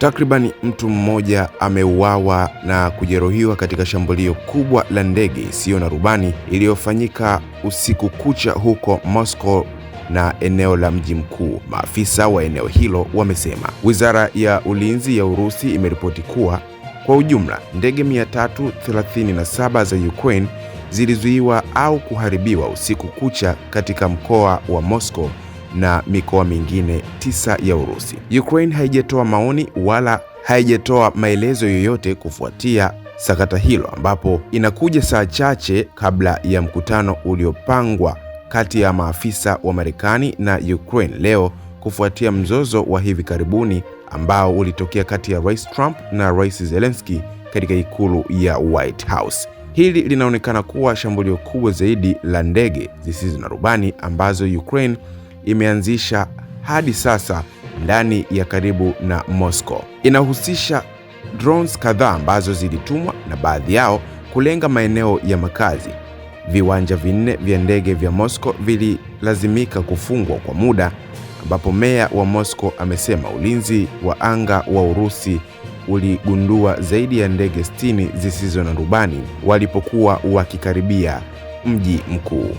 Takriban mtu mmoja ameuawa na kujeruhiwa katika shambulio kubwa la ndege isiyo na rubani iliyofanyika usiku kucha huko Moscow na eneo la mji mkuu, maafisa wa eneo hilo wamesema. Wizara ya Ulinzi ya Urusi imeripoti kuwa kwa ujumla ndege 337 za Ukraine zilizuiwa au kuharibiwa usiku kucha katika mkoa wa Moscow na mikoa mingine tisa ya Urusi. Ukraine haijatoa maoni wala haijatoa maelezo yoyote kufuatia sakata hilo, ambapo inakuja saa chache kabla ya mkutano uliopangwa kati ya maafisa wa Marekani na Ukraine leo kufuatia mzozo wa hivi karibuni ambao ulitokea kati ya Rais Trump na Rais Zelensky katika ikulu ya White House. Hili linaonekana kuwa shambulio kubwa zaidi la ndege zisizo na rubani ambazo Ukraine imeanzisha hadi sasa ndani ya karibu na Moscow. Inahusisha drones kadhaa ambazo zilitumwa na baadhi yao kulenga maeneo ya makazi. Viwanja vinne vya ndege vya Moscow vililazimika kufungwa kwa muda, ambapo meya wa Moscow amesema ulinzi wa anga wa Urusi uligundua zaidi ya ndege 60 zisizo na rubani walipokuwa wakikaribia mji mkuu.